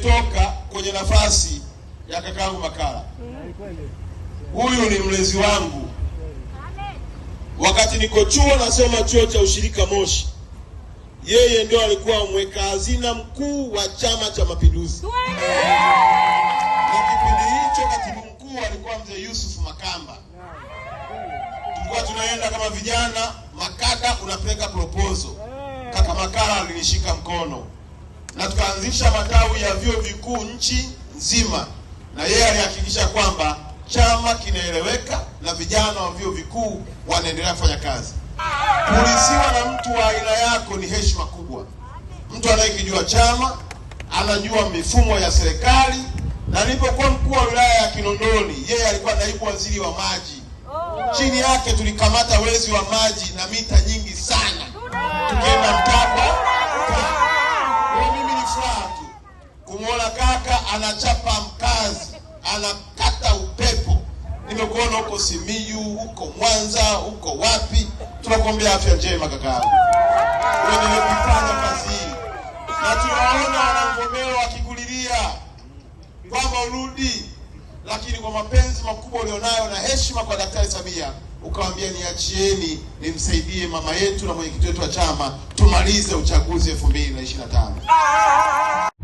nimetoka kwenye nafasi ya kakaangu Makala. Huyu ni mlezi wangu. Wakati niko chuo nasoma chuo cha ushirika Moshi, yeye ndio alikuwa mweka hazina mkuu wa Chama cha Mapinduzi, na kipindi hicho katibu mkuu alikuwa mzee Yusuf Makamba. Tulikuwa tunaenda kama vijana makada, unapeleka proposal. Kaka Makala alinishika mkono na tukaanzisha matawi ya vyuo vikuu nchi nzima, na yeye alihakikisha kwamba chama kinaeleweka na vijana wa vyuo vikuu wanaendelea kufanya kazi. Kulisiwa na mtu wa aina yako ni heshima kubwa. Mtu anayekijua chama anajua mifumo ya serikali, na nilipokuwa mkuu wa wilaya ya Kinondoni, yeye alikuwa naibu waziri wa maji. Chini yake tulikamata wezi wa maji na mita nyingi sana kaka anachapa mkazi, anakata upepo. Nimekuona huko Simiyu, huko Mwanza, huko wapi. Tunakuombea afya njema kaka yangu, nimekufanya kazi hii na tunaona wanamvomero wakikulilia kwamba urudi, lakini kwa mapenzi makubwa ulionayo na heshima kwa Daktari Samia ukawambia niachieni nimsaidie mama yetu na mwenyekiti wetu wa chama tumalize uchaguzi 2025.